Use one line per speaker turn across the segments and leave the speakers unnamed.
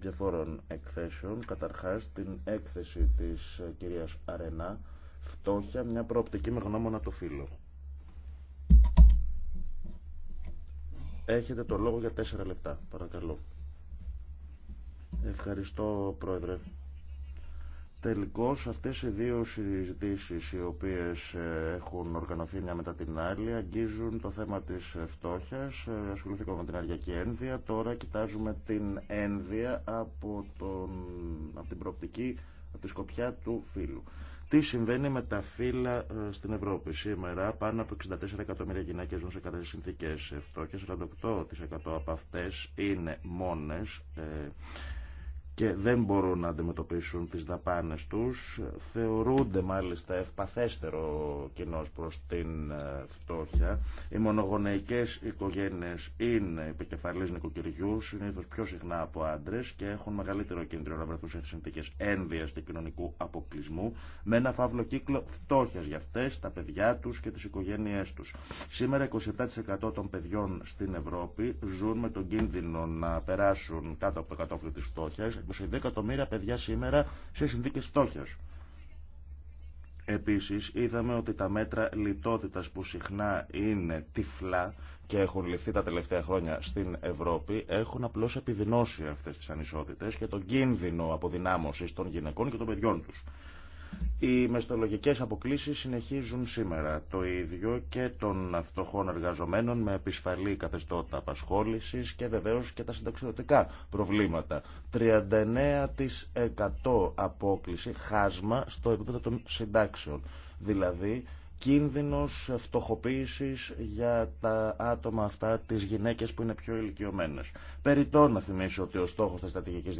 διαφόρων εκθέσεων. Καταρχάς την έκθεση της κυρίας Αρενά «Φτώχεια, μια προοπτική με γνώμονα το φύλλο». Έχετε το λόγο για τέσσερα λεπτά, παρακαλώ. Ευχαριστώ, Πρόεδρε. Τελικώς αυτές οι δύο συζητήσεις οι οποίες ε, έχουν οργανωθεί μια μετά την άλλη αγγίζουν το θέμα της φτώχειας. Ε, ασχοληθήκαμε με την αριακή ένδυα. Τώρα κοιτάζουμε την ένδυα από, τον, από την προοπτική, από τη σκοπιά του φύλου. Τι συμβαίνει με τα φύλλα ε, στην Ευρώπη. Σήμερα πάνω από 64 εκατομμύρια γυναίκε ζουν σε κατάσταση συνθήκε φτώχεια. 48% από αυτέ είναι μόνε και δεν μπορούν να αντιμετωπίσουν τις δαπάνες τους. Θεωρούνται μάλιστα ευπαθέστερο κοινό προς την ε, φτώχεια. Οι μονογονεϊκές οικογένειες είναι επικεφαλής νοικοκυριού, συνήθως πιο συχνά από άντρες και έχουν μεγαλύτερο κίνδυνο να βρεθούν σε συνθήκες ένδυας και κοινωνικού αποκλεισμού με ένα φαύλο κύκλο φτώχεια για αυτές, τα παιδιά τους και τις οικογένειές τους. Σήμερα 27% των παιδιών στην Ευρώπη ζουν με τον κίνδυνο να περάσουν κάτω από το κατόφλι της φτώχειας 20 εκατομμύρια παιδιά σήμερα σε συνθήκες φτώχειας. Επίσης είδαμε ότι τα μέτρα λιτότητας που συχνά είναι τυφλά και έχουν ληφθεί τα τελευταία χρόνια στην Ευρώπη έχουν απλώς επιδεινώσει αυτές τις ανισότητες και τον κίνδυνο αποδυνάμωσης των γυναικών και των παιδιών τους. Οι μεστολογικές αποκλήσεις συνεχίζουν σήμερα. Το ίδιο και των φτωχών εργαζομένων με επισφαλή καθεστώτα απασχόλησης και βεβαίως και τα συνταξιδοτικά προβλήματα. 39% απόκληση χάσμα στο επίπεδο των συντάξεων. Δηλαδή κίνδυνος φτωχοποίησης για τα άτομα αυτά, τις γυναίκες που είναι πιο ηλικιωμένες. Περιτώ να θυμίσω ότι ο στόχος της στρατηγικής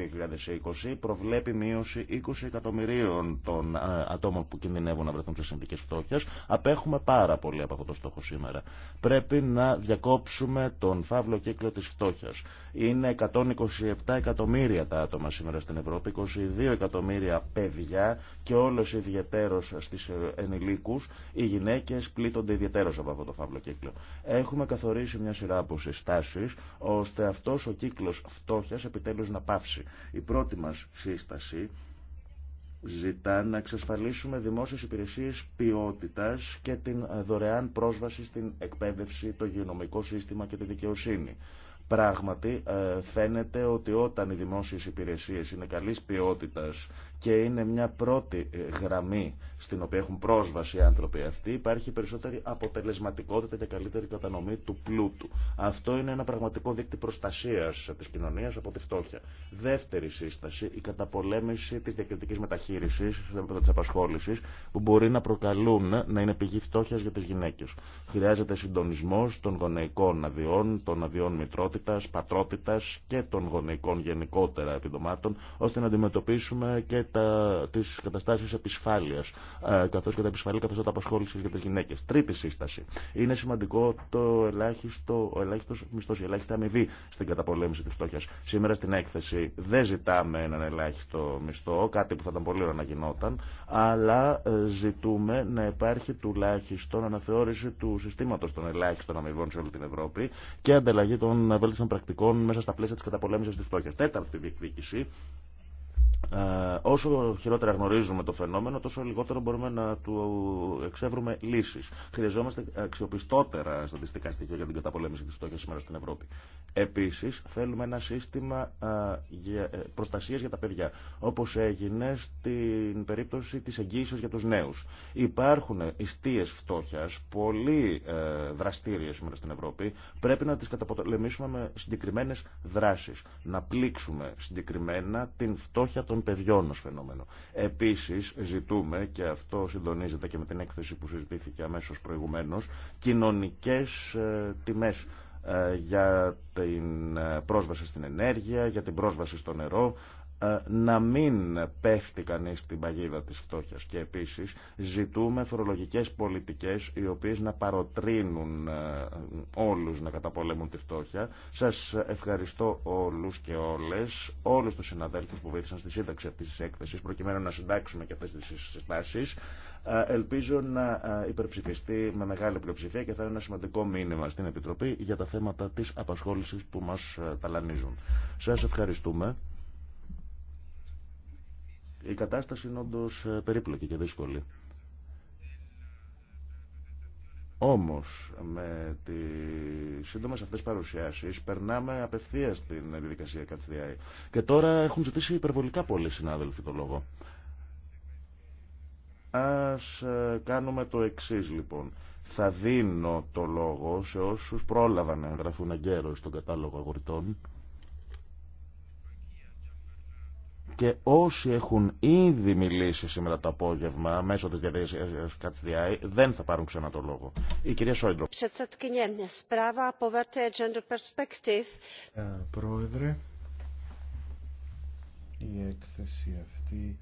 2020 προβλέπει μείωση 20 εκατομμυρίων των ε, ατόμων που κινδυνεύουν να βρεθούν σε συνθήκες φτώχειας. Απέχουμε πάρα πολύ από αυτό το στόχο σήμερα. Πρέπει να διακόψουμε τον φαύλο κύκλο της φτώχειας. Είναι 127 εκατομμύρια τα άτομα σήμερα στην Ευρώπη, 22 εκατομμύρια παιδιά και όλος ιδιαιτέρως στις ενηλίκους, Γυναίκε πλήττονται ιδιαίτερω από αυτό το φαύλο κύκλο. Έχουμε καθορίσει μια σειρά από συστάσει ώστε αυτό ο κύκλο φτώχεια επιτέλου να πάυσει. Η πρώτη μα σύσταση ζητά να εξασφαλίσουμε δημόσιες υπηρεσίες ποιότητας και την δωρεάν πρόσβαση στην εκπαίδευση, το υγειονομικό σύστημα και τη δικαιοσύνη. Πράγματι, ε, φαίνεται ότι όταν οι δημόσιες υπηρεσίες είναι καλής ποιότητας και είναι μια πρώτη ε, γραμμή στην οποία έχουν πρόσβαση οι άνθρωποι αυτοί, υπάρχει περισσότερη αποτελεσματικότητα και καλύτερη κατανομή του πλούτου. Αυτό είναι ένα πραγματικό δίκτυο προστασίας της κοινωνίας από τη φτώχεια. Δεύτερη σύσταση, η καταπολέμηση της διακριτικής μεταχείρισης στο της απασχόλησης, που μπορεί να προκαλούν να είναι πηγή φτώχειας για τις γυναίκες. Χρειάζεται συντονισμό των γονεϊκών αδειών, των αδειών μητρότητας, και των γονεϊκών γενικότερα επιδομάτων, ώστε να αντιμετωπίσουμε και τα, τις καταστάσεις καθώ ε, καθώς και τα επισφαλή τα απασχόληση για τις γυναίκες. Τρίτη σύσταση. Είναι σημαντικό το ελάχιστο, ο ελάχιστο μισθός, η ελάχιστη αμοιβή στην καταπολέμηση της φτώχειας. Σήμερα στην έκθεση δεν ζητάμε έναν ελάχιστο μισθό, κάτι που θα ήταν πολύ να γινόταν, αλλά ε, ζητούμε να υπάρχει τουλάχιστον αναθεώρηση του συστήματος των ελάχιστων αμοιβών σε όλη την Ευρώπη και ανταλλαγή των των πρακτικών μέσα στα πλαίσια τη καταπολέμηση τη φτώχεια. Τέταρτη διεκδίκηση ε, όσο χειρότερα γνωρίζουμε το φαινόμενο, τόσο λιγότερο μπορούμε να του εξεύρουμε λύσει. Χρειαζόμαστε αξιοπιστότερα στατιστικά στοιχεία για την καταπολέμηση τη φτώχεια σήμερα στην Ευρώπη. Επίση, θέλουμε ένα σύστημα ε, ε, προστασία για τα παιδιά, όπω έγινε στην περίπτωση τη εγγύηση για του νέου. Υπάρχουν ιστίε φτώχεια, πολύ δραστήριε σήμερα στην Ευρώπη. Πρέπει να τι καταπολεμήσουμε με συγκεκριμένε δράσει, Να πλήξουμε συγκεκριμένα την φτώχεια των παιδιών ως φαινόμενο. Επίσης ζητούμε, και αυτό συντονίζεται και με την έκθεση που συζητήθηκε αμέσως προηγουμένως, κοινωνικές ε, τιμές ε, για την ε, πρόσβαση στην ενέργεια, για την πρόσβαση στο νερό, ε, να μην πέφτει κανεί στην παγίδα της φτώχειας και επίσης ζητούμε φορολογικές πολιτικές οι οποίες να παροτρύνουν ε, όλους να καταπολέμουν τη φτώχεια. Σας ευχαριστώ όλους και όλες, όλους τους συναδέλφους που βοήθησαν στη σύνταξη αυτής της έκθεσης προκειμένου να συντάξουμε και αυτές τις συστάσεις. Ε, ελπίζω να υπερψηφιστεί με μεγάλη πλειοψηφία και θα είναι ένα σημαντικό μήνυμα στην Επιτροπή για τα θέματα της απασχόλησης που μας ταλανίζουν. Σας ευχαριστούμε. Η κατάσταση είναι όντω ε, περίπλοκη και δύσκολη. Όμως με τις σύντομες αυτές παρουσιάσεις περνάμε απευθείας στην διαδικασία ΚΑΤΣΔΙΑΗ. Και τώρα έχουν ζητήσει υπερβολικά πολλοί συνάδελφοι το λόγο. Ας ε, κάνουμε το εξής λοιπόν. Θα δίνω το λόγο σε όσους πρόλαβαν να εγγραφούν εγκαίρως στον κατάλογο αγορητών. και όσοι έχουν ήδη μιλήσει σήμερα το απόγευμα μέσω της διαδικασίας ΚΑΤΣΔΙΑΗ δεν θα πάρουν ξανά το λόγο. Η κυρία Σόιντρο. Ε, πρόεδρε,
η έκθεση αυτή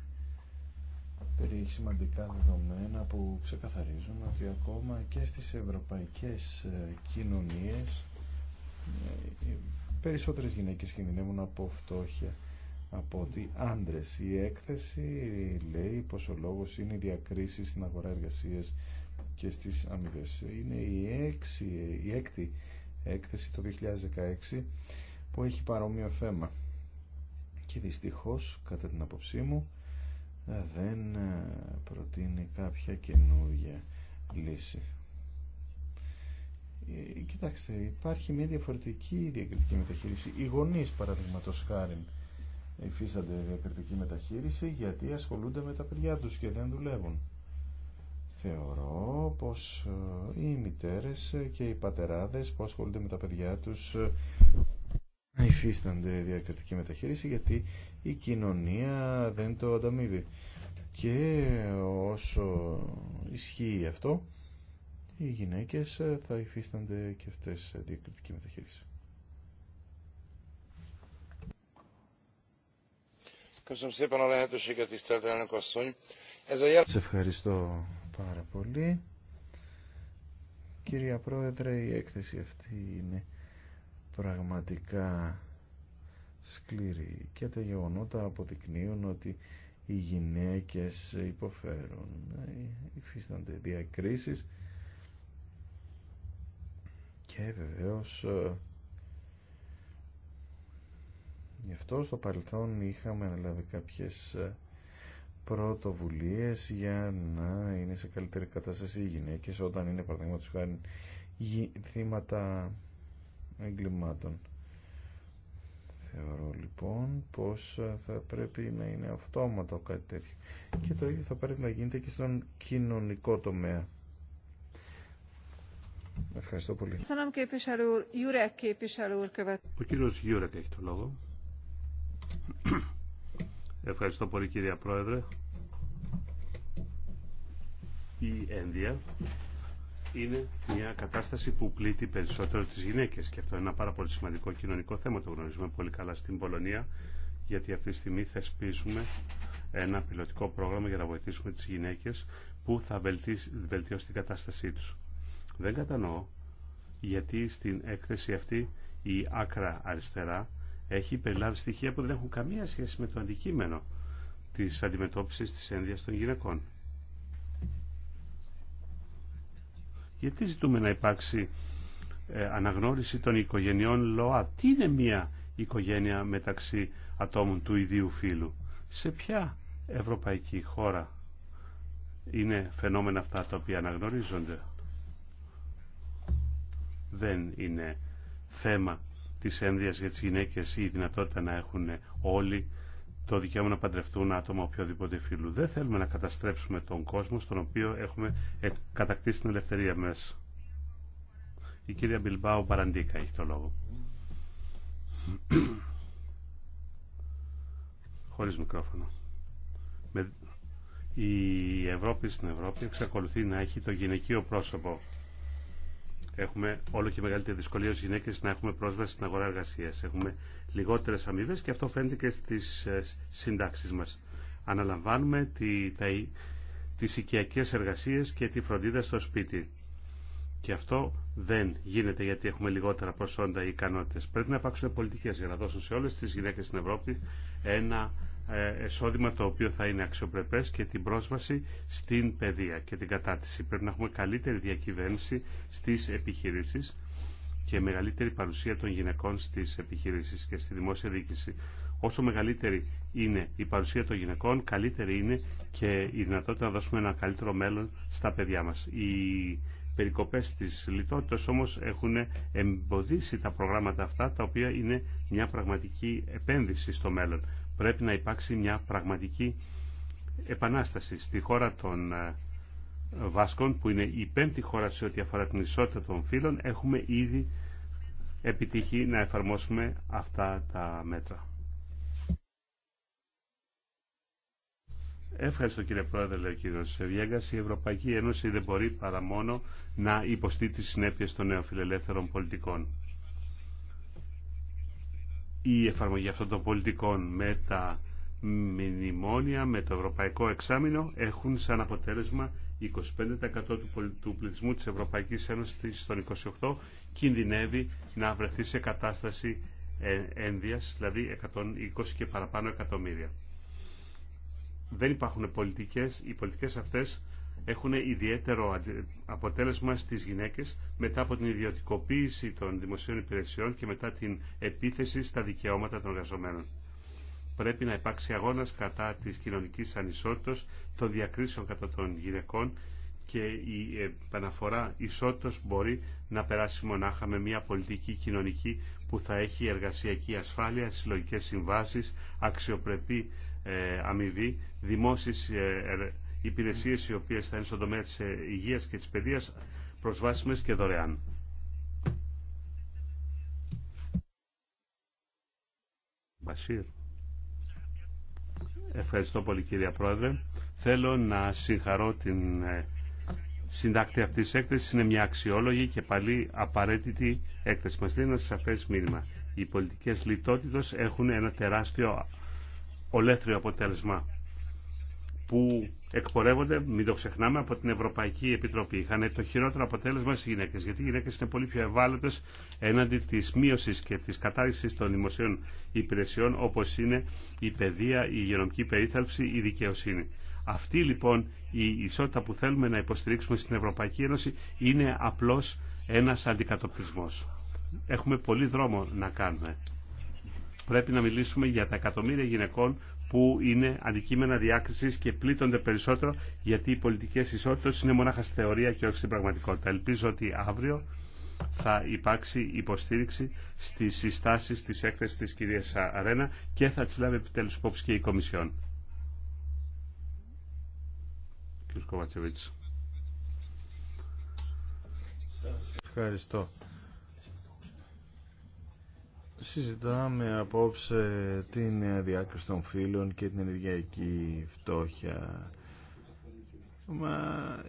περιέχει σημαντικά δεδομένα που ξεκαθαρίζουν ότι ακόμα και στις ευρωπαϊκές ε, κοινωνίες ε, περισσότερες γυναίκες κινδυνεύουν από φτώχεια από ότι άντρε, Η έκθεση λέει πως ο λόγος είναι η διακρίση στην αγορά εργασία και στις αμοιβέ. Είναι η, έξι, η έκτη έκθεση το 2016 που έχει παρόμοιο θέμα. Και δυστυχώ κατά την απόψή μου, δεν προτείνει κάποια καινούργια λύση. Ε, κοιτάξτε, υπάρχει μια διαφορετική διακριτική μεταχείριση. Οι γονεί, παραδείγματο χάρη, υφίστανται διακριτική μεταχείριση γιατί ασχολούνται με τα παιδιά τους και δεν δουλεύουν. Θεωρώ πως ε, οι μητέρες και οι πατεράδες που ασχολούνται με τα παιδιά τους ε, υφίστανται διακριτική μεταχείριση γιατί η κοινωνία δεν το ανταμείβει. Και όσο ισχύει αυτό, οι γυναίκες θα υφίστανται και αυτές ε, διακριτική μεταχείριση. Σε ευχαριστώ πάρα πολύ. Κυρία Πρόεδρε, η έκθεση αυτή είναι πραγματικά σκληρή και τα γεγονότα αποδεικνύουν ότι οι γυναίκες υποφέρουν, υφίστανται διακρίσεις και βεβαίως ε, Γι' αυτό στο παρελθόν είχαμε αναλάβει κάποιες ε, πρωτοβουλίες για να είναι σε καλύτερη κατάσταση οι γυναίκες όταν είναι παραδείγματο χάρη θύματα εγκλημάτων. Θεωρώ λοιπόν πως ε, θα πρέπει να είναι αυτόματο κάτι τέτοιο και το ίδιο θα πρέπει να γίνεται και στον κοινωνικό τομέα. Ευχαριστώ
πολύ. Ο κύριος Γιούρακ έχει το λόγο. Ευχαριστώ πολύ κυρία Πρόεδρε. Η ένδια είναι μια κατάσταση που πλήττει περισσότερο τις γυναίκες και αυτό είναι ένα πάρα πολύ σημαντικό κοινωνικό θέμα. Το γνωρίζουμε πολύ καλά στην Πολωνία γιατί αυτή τη στιγμή θεσπίζουμε ένα πιλωτικό πρόγραμμα για να βοηθήσουμε τις γυναίκες που θα βελτιώσει την κατάστασή τους. Δεν κατανοώ γιατί στην έκθεση αυτή η άκρα αριστερά έχει περιλάβει στοιχεία που δεν έχουν καμία σχέση με το αντικείμενο της αντιμετώπισης της ένδυας των γυναικών. Γιατί ζητούμε να υπάρξει ε, αναγνώριση των οικογενειών ΛΟΑ. Τι είναι μια οικογένεια μεταξύ ατόμων του ιδίου φύλου. Σε ποια ευρωπαϊκή χώρα είναι φαινόμενα αυτά τα οποία αναγνωρίζονται. Δεν είναι θέμα της ένδυας για τις γυναίκες ή η δυνατότητα να έχουν όλοι το δικαίωμα να παντρευτούν άτομα οποιοδήποτε φίλου. Δεν θέλουμε να καταστρέψουμε τον κόσμο στον οποίο έχουμε κατακτήσει την ελευθερία μέσα. Η κυρία Μπιλμπάου Παραντίκα έχει το λόγο. Χωρίς μικρόφωνο. Η Ευρώπη στην Ευρώπη εξακολουθεί να έχει το γυναικείο πρόσωπο Έχουμε όλο και μεγαλύτερη δυσκολία ως γυναίκες να έχουμε πρόσβαση στην αγορά εργασίας. Έχουμε λιγότερες αμοιβέ και αυτό φαίνεται και στις ε, συντάξεις μας. Αναλαμβάνουμε τη, τις οικιακές εργασίες και τη φροντίδα στο σπίτι. Και αυτό δεν γίνεται γιατί έχουμε λιγότερα προσόντα ή ικανότητες. Πρέπει να υπάρξουν πολιτικές για να δώσουν σε όλες τις γυναίκες στην Ευρώπη ένα ε, εισόδημα το οποίο θα είναι αξιοπρεπές και την πρόσβαση στην παιδεία και την κατάτηση. Πρέπει να έχουμε καλύτερη διακυβέρνηση στις επιχειρήσεις και μεγαλύτερη παρουσία των γυναικών στις επιχειρήσεις και στη δημόσια διοίκηση. Όσο μεγαλύτερη είναι η παρουσία των γυναικών, καλύτερη είναι και η δυνατότητα να δώσουμε ένα καλύτερο μέλλον στα παιδιά μας. Οι περικοπές της λιτότητας όμως έχουν εμποδίσει τα προγράμματα αυτά, τα οποία είναι μια πραγματική επένδυση στο μέλλον. Πρέπει να υπάρξει μια πραγματική επανάσταση στη χώρα των ε, Βάσκων, που είναι η πέμπτη χώρα σε ό,τι αφορά την ισότητα των φύλων, έχουμε ήδη επιτύχει να εφαρμόσουμε αυτά τα μέτρα. Ευχαριστώ κύριε Πρόεδρε, λέει ο κύριο Η Ευρωπαϊκή Ένωση δεν μπορεί παρά μόνο να υποστεί τι συνέπειε των νεοφιλελεύθερων πολιτικών η εφαρμογή αυτών των πολιτικών με τα μνημόνια, με το ευρωπαϊκό εξάμεινο έχουν σαν αποτέλεσμα 25% του πληθυσμού της Ευρωπαϊκής Ένωσης στον 28 κινδυνεύει να βρεθεί σε κατάσταση ε, ένδυας, δηλαδή 120 και παραπάνω εκατομμύρια. Δεν υπάρχουν πολιτικές, οι πολιτικές αυτές έχουν ιδιαίτερο αποτέλεσμα στις γυναίκες μετά από την ιδιωτικοποίηση των δημοσίων υπηρεσιών και μετά την επίθεση στα δικαιώματα των εργαζομένων. Πρέπει να υπάρξει αγώνας κατά της κοινωνικής ανισότητας, των διακρίσεων κατά των γυναικών και η επαναφορά ισότητας μπορεί να περάσει μονάχα με μια πολιτική κοινωνική που θα έχει εργασιακή ασφάλεια, συλλογικές συμβάσεις, αξιοπρεπή ε, αμοιβή, δημόσιες ε, ε, υπηρεσίε, οι οποίε θα είναι στον τομέα τη ε, υγείας και τη παιδεία προσβάσιμες και δωρεάν. Ευχαριστώ πολύ κύριε Πρόεδρε. Θέλω να συγχαρώ την ε, συντάκτη αυτής της έκθεσης. Είναι μια αξιόλογη και πάλι απαραίτητη έκθεση. Μας δίνει ένα σαφές μήνυμα. Οι πολιτικές λιτότητες έχουν ένα τεράστιο ολέθριο αποτέλεσμα που εκπορεύονται, μην το ξεχνάμε, από την Ευρωπαϊκή Επιτροπή. Είχαν το χειρότερο αποτέλεσμα στι γυναίκε, γιατί οι γυναίκε είναι πολύ πιο ευάλωτε έναντι τη μείωση και τη κατάρριξη των δημοσίων υπηρεσιών, όπω είναι η παιδεία, η υγειονομική περίθαλψη, η δικαιοσύνη. Αυτή λοιπόν η ισότητα που θέλουμε να υποστηρίξουμε στην Ευρωπαϊκή Ένωση είναι απλώ ένα αντικατοπτρισμό. Έχουμε πολύ δρόμο να κάνουμε. Πρέπει να μιλήσουμε για τα εκατομμύρια γυναικών που είναι αντικείμενα διάκρισης και πλήττονται περισσότερο γιατί οι πολιτικές ισότητες είναι μονάχα στη θεωρία και όχι στην πραγματικότητα. Ελπίζω ότι αύριο θα υπάρξει υποστήριξη στις συστάσεις της έκθεσης της κυρίας Αρένα και θα τις λάβει επιτέλους υπόψη και η Κομισιόν.
Συζητάμε απόψε την διάκριση των φύλων και την ενεργειακή φτώχεια. Μα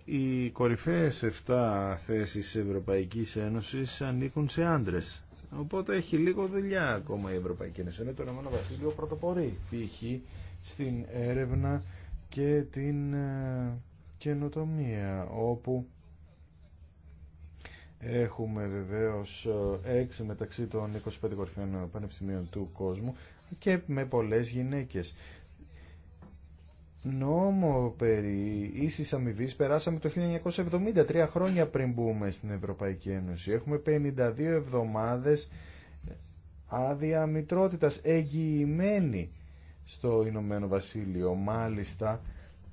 οι κορυφαίες 7 θέσεις Ευρωπαϊκής Ένωσης ανήκουν σε άντρες. Οπότε έχει λίγο δουλειά ακόμα η Ευρωπαϊκή Ένωση. Είναι το Ηνωμένο Βασίλειο πρωτοπορεί π.χ. στην έρευνα και την ε, καινοτομία όπου Έχουμε βεβαίως ε, έξι μεταξύ των 25 κορυφαίων πανεπιστημίων του κόσμου και με πολλές γυναίκες. Νόμο περί ίσης αμοιβή περάσαμε το 1973 τρία χρόνια πριν μπούμε στην Ευρωπαϊκή Ένωση. Έχουμε 52 εβδομάδες άδεια μητρότητας εγγυημένη στο Ηνωμένο Βασίλειο. Μάλιστα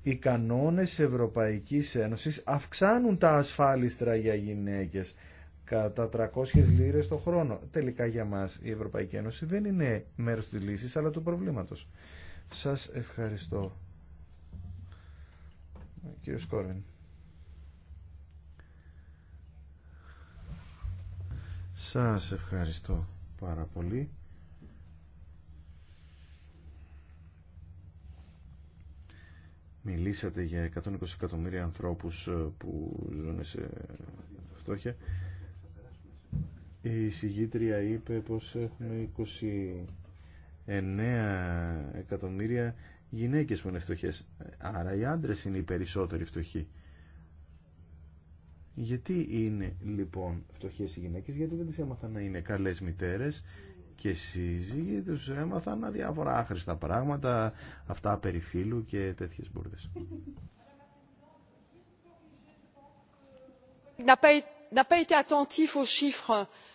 οι κανόνες της Ευρωπαϊκής Ένωσης αυξάνουν τα ασφάλιστρα για γυναίκες κατά 300 λίρες το χρόνο. Τελικά για μας η Ευρωπαϊκή Ένωση δεν είναι μέρος της λύσης αλλά του προβλήματος. Σας ευχαριστώ. Κύριε Σας ευχαριστώ πάρα πολύ. Μιλήσατε για 120 εκατομμύρια ανθρώπους ε, που ζουν σε φτώχεια. Η συγγήτρια είπε πως έχουμε 29 εκατομμύρια γυναίκες που είναι φτωχές. Άρα οι άντρες είναι οι περισσότεροι φτωχοί. Γιατί είναι λοιπόν φτωχές οι γυναίκες, γιατί δεν τις έμαθαν να είναι καλές μητέρες και σύζυγοι τους έμαθαν διάφορα άχρηστα πράγματα, αυτά περί φίλου και τέτοιες μπουρδες.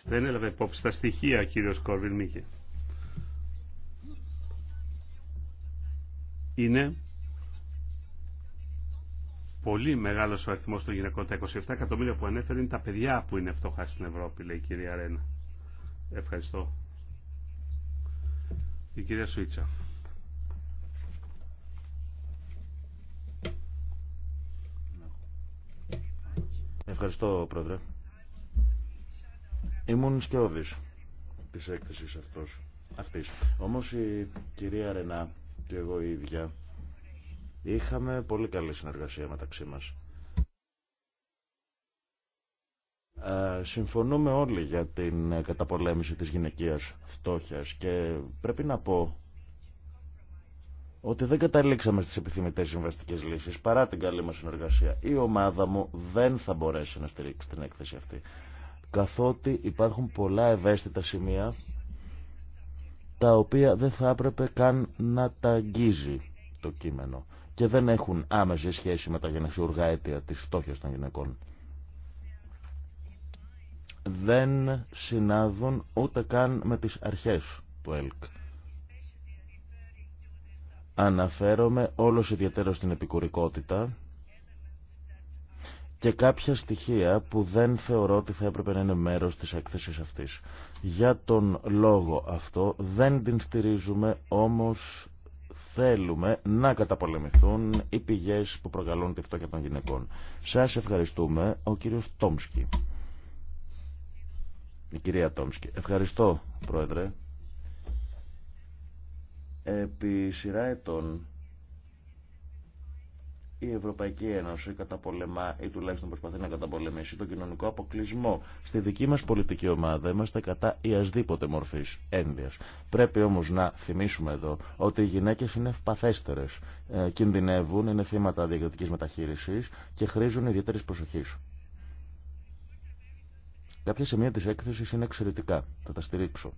Δεν έλαβε υπόψη τα στοιχεία, κύριος Κόρβιν Μίκε. Είναι πολύ μεγάλο ο αριθμός των γυναικών. Τα 27 εκατομμύρια που ανέφερε είναι τα παιδιά που είναι φτωχά στην Ευρώπη, λέει η κυρία Ρένα. Ευχαριστώ. Η κυρία Σουίτσα.
Ευχαριστώ, Πρόεδρε. Ήμουν σκιώδης της έκθεσης αυτός, αυτής. Όμως η κυρία Ρενά και εγώ ίδια είχαμε πολύ καλή συνεργασία μεταξύ μας. Ε, συμφωνούμε όλοι για την ε, καταπολέμηση της γυναικείας φτώχειας και πρέπει να πω ότι δεν καταλήξαμε στις επιθυμητές συμβαστικές λύσεις παρά την καλή μας συνεργασία. Η ομάδα μου δεν θα μπορέσει να στηρίξει την έκθεση αυτή, καθότι υπάρχουν πολλά ευαίσθητα σημεία τα οποία δεν θα έπρεπε καν να τα αγγίζει το κείμενο και δεν έχουν άμεση σχέση με τα γενεσιουργά αίτια της φτώχειας των γυναικών δεν συνάδουν ούτε καν με τις αρχές του ΕΛΚ. Αναφέρομαι όλος ιδιαίτερο στην επικουρικότητα και κάποια στοιχεία που δεν θεωρώ ότι θα έπρεπε να είναι μέρος της έκθεσης αυτής. Για τον λόγο αυτό δεν την στηρίζουμε, όμως θέλουμε να καταπολεμηθούν οι πηγές που προκαλούν τη φτώχεια των γυναικών. Σας ευχαριστούμε, ο κύριος Τόμσκι. Η κυρία Τόμσκι. Ευχαριστώ, Πρόεδρε. Επί σειρά ετών η Ευρωπαϊκή Ένωση καταπολεμά ή τουλάχιστον προσπαθεί να καταπολεμήσει τον κοινωνικό αποκλεισμό. Στη δική μας πολιτική ομάδα είμαστε κατά ιασδήποτε μορφής ένδυας. Πρέπει όμως να θυμίσουμε εδώ ότι οι γυναίκες είναι ευπαθέστερες, ε, κινδυνεύουν, είναι θύματα διακριτικής μεταχείρισης και χρήζουν ιδιαίτερης προσοχής. Κάποια σημεία της έκθεσης είναι εξαιρετικά, θα τα στηρίξω.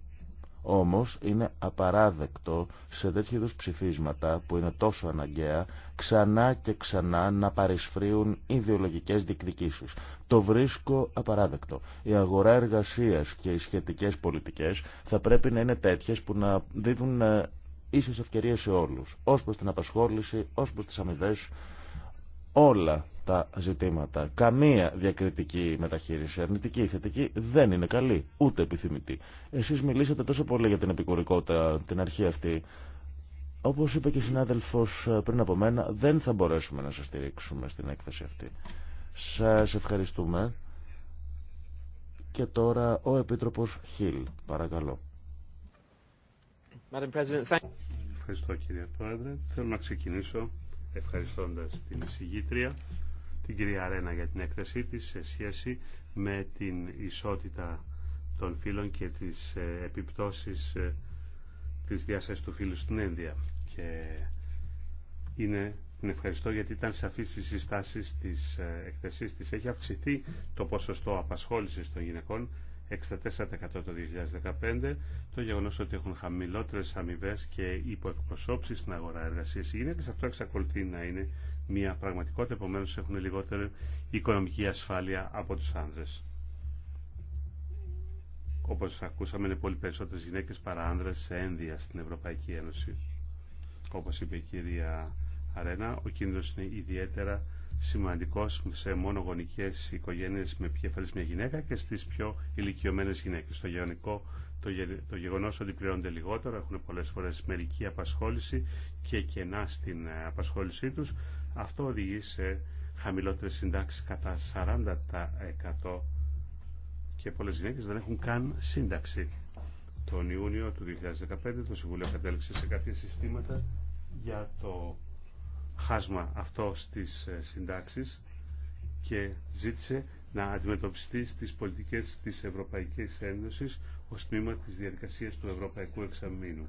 Όμως είναι απαράδεκτο σε τέτοιου είδους ψηφίσματα που είναι τόσο αναγκαία ξανά και ξανά να παρισφρίουν ιδεολογικές διεκδικήσεις. Το βρίσκω απαράδεκτο. Η αγορά εργασίας και οι σχετικές πολιτικές θα πρέπει να είναι τέτοιες που να δίδουν ε, ίσες ευκαιρίες σε όλους, ως προς την απασχόληση, ως προς τις αμοιβές, όλα τα ζητήματα. Καμία διακριτική μεταχείριση, αρνητική ή θετική, δεν είναι καλή, ούτε επιθυμητή. Εσείς μιλήσατε τόσο πολύ για την επικουρικότητα, την αρχή αυτή. Όπως είπε και ο συνάδελφος ε, πριν από μένα, δεν θα μπορέσουμε να σας στηρίξουμε στην έκθεση αυτή. Σας ευχαριστούμε. Και τώρα ο Επίτροπος Χίλ. Παρακαλώ.
Ευχαριστώ κύριε Πρόεδρε. Θέλω να ξεκινήσω ευχαριστώντας την εισηγήτρια, την κυρία Αρένα για την έκθεσή της σε σχέση με την ισότητα των φίλων και τις ε, επιπτώσεις ε, της διάστασης του φύλου στην Ένδια. Και είναι, την ευχαριστώ γιατί ήταν σαφής στις συστάσεις της ε, εκθεσής της. Έχει αυξηθεί το ποσοστό απασχόλησης των γυναικών 64% το 2015, το γεγονό ότι έχουν χαμηλότερε αμοιβέ και υποεκπροσώψει στην αγορά εργασία οι γυναίκε. Αυτό εξακολουθεί να είναι μια πραγματικότητα, επομένω έχουν λιγότερη οικονομική ασφάλεια από του άνδρε. Όπω ακούσαμε, είναι πολύ περισσότερε γυναίκε παρά άνδρε σε ένδυα στην Ευρωπαϊκή Ένωση. Όπω είπε η κυρία Αρένα, ο κίνδυνο είναι ιδιαίτερα σημαντικός σε μόνο μονογονικές οικογένειες με επικεφαλής μια γυναίκα και στις πιο ηλικιωμένες γυναίκες. Το, γεωνικό, το, το γεγονός ότι πληρώνονται λιγότερο, έχουν πολλές φορές μερική απασχόληση και κενά στην ε, απασχόλησή τους, αυτό οδηγεί σε χαμηλότερες συντάξεις κατά 40% και πολλές γυναίκες δεν έχουν καν σύνταξη. Τον Ιούνιο του 2015 το Συμβουλίο κατέληξε σε κάποια συστήματα για το χάσμα αυτό στις ε, συντάξεις και ζήτησε να αντιμετωπιστεί στις πολιτικές της Ευρωπαϊκής Ένωσης ως τμήμα της διαδικασίας του Ευρωπαϊκού Εξαμήνου.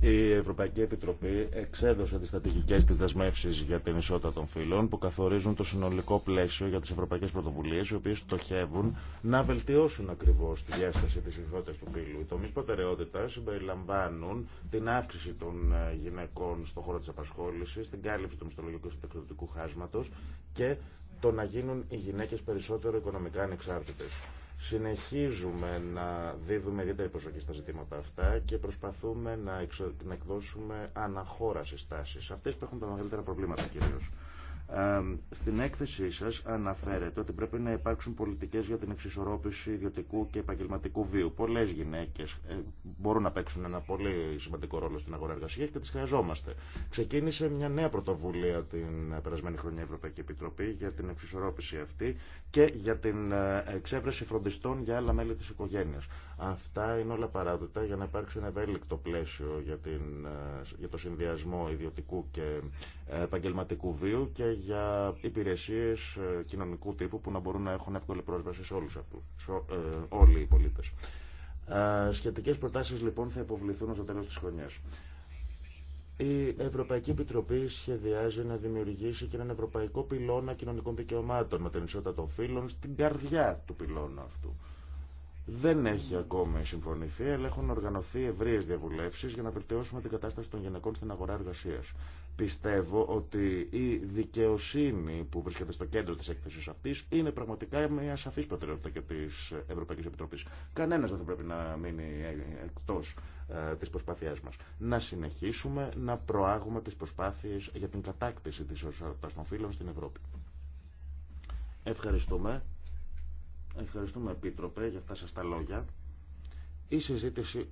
Η Ευρωπαϊκή Επιτροπή εξέδωσε τι στρατηγικές της δεσμεύσει για την ισότητα των φύλων που καθορίζουν το συνολικό πλαίσιο για τι ευρωπαϊκές πρωτοβουλίες οι οποίε στοχεύουν να βελτιώσουν ακριβώ τη διάσταση τη ισότητα του φύλου. Οι τομεί προτεραιότητα συμπεριλαμβάνουν την αύξηση των ε, γυναικών στον χώρο τη απασχόληση, την κάλυψη του μισθολογικού συνταξιδοτικού χάσματο και το να γίνουν οι γυναίκε περισσότερο οικονομικά ανεξάρτητε. Συνεχίζουμε να δίδουμε ιδιαίτερη προσοχή στα ζητήματα αυτά και προσπαθούμε να, εκδώσουμε αναχώρα στάσεις Αυτές που έχουν τα μεγαλύτερα προβλήματα κυρίως στην έκθεσή σας αναφέρεται ότι πρέπει να υπάρξουν πολιτικές για την εξισορρόπηση ιδιωτικού και επαγγελματικού βίου. Πολλές γυναίκες ε, μπορούν να παίξουν ένα πολύ σημαντικό ρόλο στην αγορά εργασία και τις χρειαζόμαστε. Ξεκίνησε μια νέα πρωτοβουλία την ε, περασμένη χρονιά Ευρωπαϊκή Επιτροπή για την εξισορρόπηση αυτή και για την ε, εξέβρεση φροντιστών για άλλα μέλη της οικογένειας. Αυτά είναι όλα παράδοτα για να υπάρξει ένα ευέλικτο πλαίσιο για, την, για το συνδυασμό ιδιωτικού και επαγγελματικού βίου και για υπηρεσίες ε, κοινωνικού τύπου που να μπορούν να έχουν εύκολη πρόσβαση σε όλους αυτού, σε ε, όλοι οι πολίτες. Ε, σχετικές προτάσεις λοιπόν θα υποβληθούν στο τέλος της χρονιάς. Η Ευρωπαϊκή Επιτροπή σχεδιάζει να δημιουργήσει και έναν ευρωπαϊκό πυλώνα κοινωνικών δικαιωμάτων με την ισότητα των φύλων στην καρδιά του πυλώνα αυτού. Δεν έχει ακόμη συμφωνηθεί, αλλά έχουν οργανωθεί ευρείε διαβουλεύσει για να βελτιώσουμε την κατάσταση των γυναικών στην αγορά εργασία. Πιστεύω ότι η δικαιοσύνη που βρίσκεται στο κέντρο της εκθέση αυτής είναι πραγματικά μια σαφής προτεραιότητα και της Ευρωπαϊκής Επιτροπής. Κανένας δεν θα πρέπει να μείνει εκτός ε, της προσπάθειάς μας. Να συνεχίσουμε να προάγουμε τις προσπάθειες για την κατάκτηση της ισότητας των φύλων στην Ευρώπη. Ευχαριστούμε. Ευχαριστούμε Επίτροπε για αυτά σας τα λόγια. Η συζήτηση